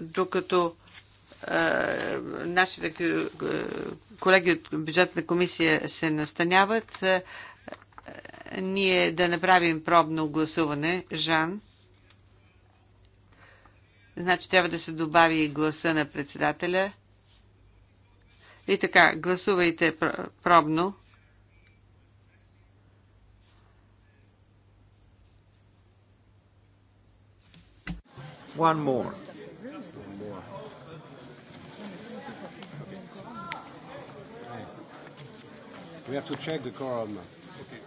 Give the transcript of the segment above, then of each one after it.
докато е, нашите е, колеги от бюджетна комисия се настаняват, е, ние да направим пробно гласуване. Жан. Значи трябва да се добави гласа на председателя. И така, гласувайте пробно. One more. We have to check the quorum. Okay.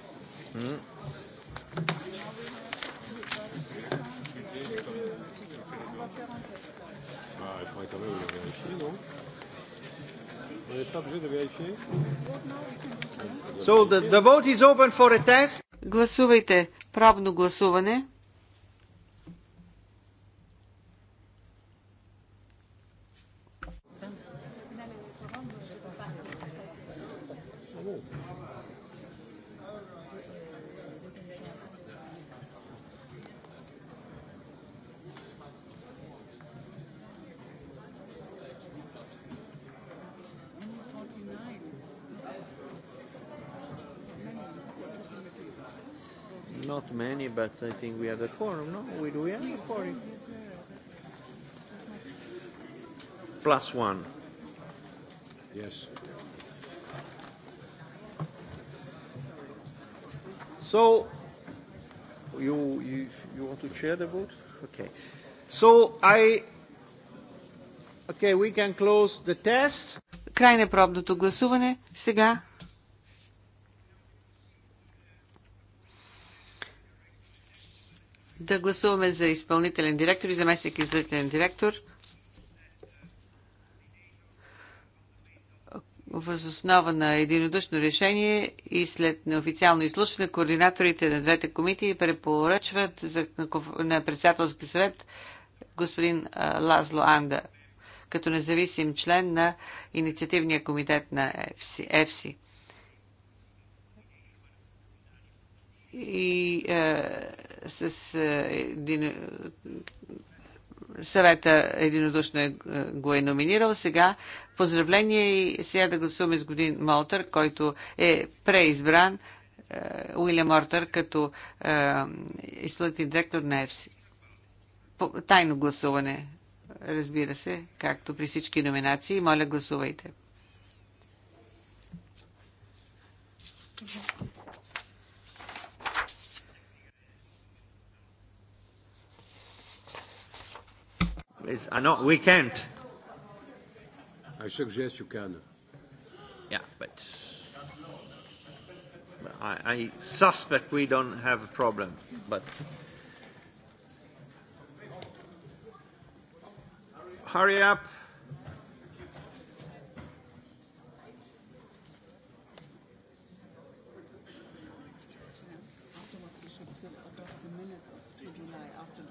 Bah, il faudrait quand même le vérifier, non On n'est pas obligé de vérifier So the, the vote is open for a test. Гласувайте правно гласуване. Not many, but I think we have a quorum, no? We do we have a quorum? Plus one. Yes. So, you, you, you want to chair the vote? Okay. So, I... Okay, we can close the test. Край на пробното гласуване. Сега да гласуваме за изпълнителен директор и заместник изпълнителен директор. Въз основа на единодушно решение и след неофициално изслушване, координаторите на двете комитии препоръчват за, на председателски съвет господин Лазло Анда като независим член на инициативния комитет на ЕФСИ. И а, с един, Съвета единодушно е, е, го е номинирал. Сега поздравление и сега да гласуваме с годин Молтър, който е преизбран е, Уилям Мортър като изпълнителен директор на ЕФСИ. Тайно гласуване, разбира се, както при всички номинации. Моля, гласувайте. Please. Uh, no, we can't. I suggest you can. Yeah, but I, I suspect we don't have a problem, but. Hurry up.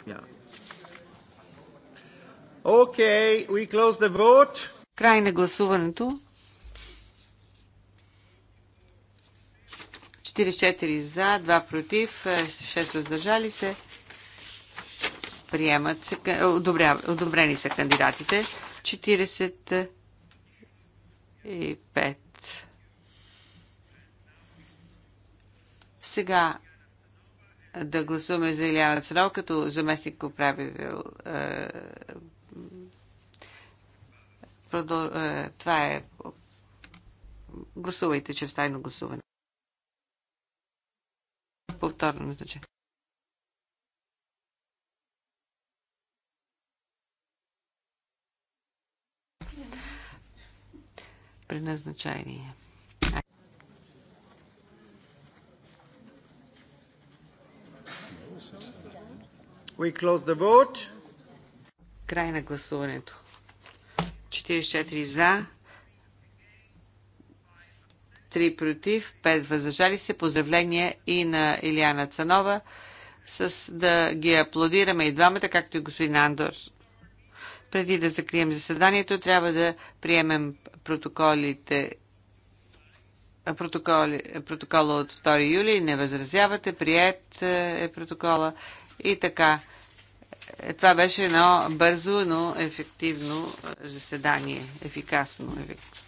Yeah. Okay, we close the vote. Край на гласуването. 44 за, 2 против, 6 въздържали се. Приемат се, е, одобря, одобрени са кандидатите. 45. Сега да гласуваме за Илиана Цанов като заместник управител е, е, това е. Гласувайте чрез тайно гласуване. Повторно назначение. We close the vote. Край на гласуването. 44 за, 3 против, 5 въздържали се. Поздравления и на Илиана Цанова с да ги аплодираме и двамата, както и господин Андор. Преди да закрием заседанието, трябва да приемем протоколите протоколи, протокола от 2 юли. Не възразявате, прият е, е протокола и така. Е, това беше едно бързо, но ефективно заседание. Ефикасно, ефективно.